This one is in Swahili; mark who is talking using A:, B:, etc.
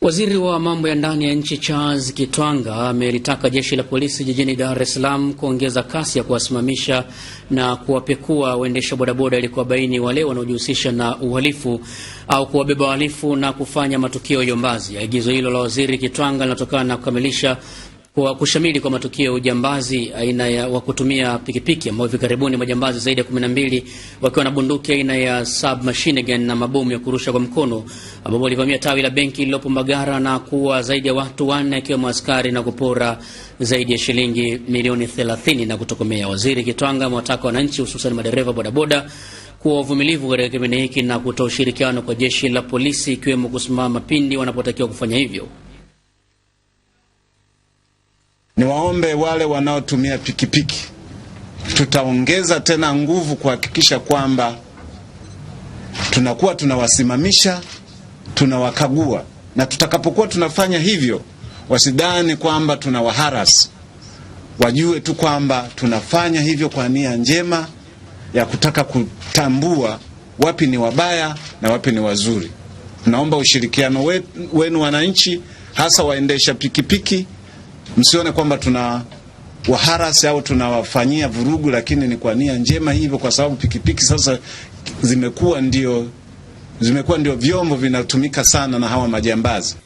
A: Waziri wa mambo ya ndani ya nchi Charles Kitwanga amelitaka jeshi la polisi jijini Dar es Salaam kuongeza kasi ya kuwasimamisha na kuwapekua waendesha bodaboda ili kuwabaini wale wanaojihusisha na uhalifu au kuwabeba uhalifu na kufanya matukio yombazi. Agizo hilo la waziri Kitwanga linatokana na kukamilisha wa kushamili kwa matukio ya ujambazi aina ya wa kutumia pikipiki ambao hivi karibuni majambazi zaidi ya 12 wakiwa na bunduki aina ya sub machine gun na mabomu ya kurusha kwa mkono ambao walivamia tawi la benki lililopo Mbagara na kuwa zaidi ya watu wanne akiwemo askari na kupora zaidi ya shilingi milioni 30 na kutokomea. Waziri Kitwanga amewataka wananchi hususan madereva bodaboda kuwa wavumilivu katika kipindi hiki na kutoa ushirikiano kwa jeshi la polisi ikiwemo kusimama pindi wanapotakiwa kufanya hivyo.
B: Niwaombe wale wanaotumia pikipiki, tutaongeza tena nguvu kuhakikisha kwamba tunakuwa tunawasimamisha, tunawakagua, na tutakapokuwa tunafanya hivyo, wasidhani kwamba tunawaharasi. Wajue tu kwamba tunafanya hivyo kwa nia njema ya kutaka kutambua wapi ni wabaya na wapi ni wazuri. naomba ushirikiano wenu wananchi, hasa waendesha pikipiki Msione kwamba tuna waharasi au tunawafanyia vurugu, lakini ni kwa nia njema hivyo, kwa sababu pikipiki sasa zimekuwa ndio, zimekuwa ndio vyombo vinatumika sana na hawa majambazi.